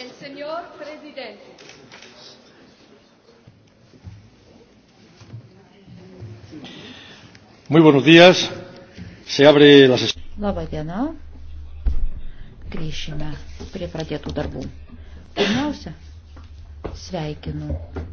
el señor presidente. Muy buenos días. Se abre la sesión. Labą dieną. Grįšime prie pradėtų darbų. Pirmiausia, sveikinu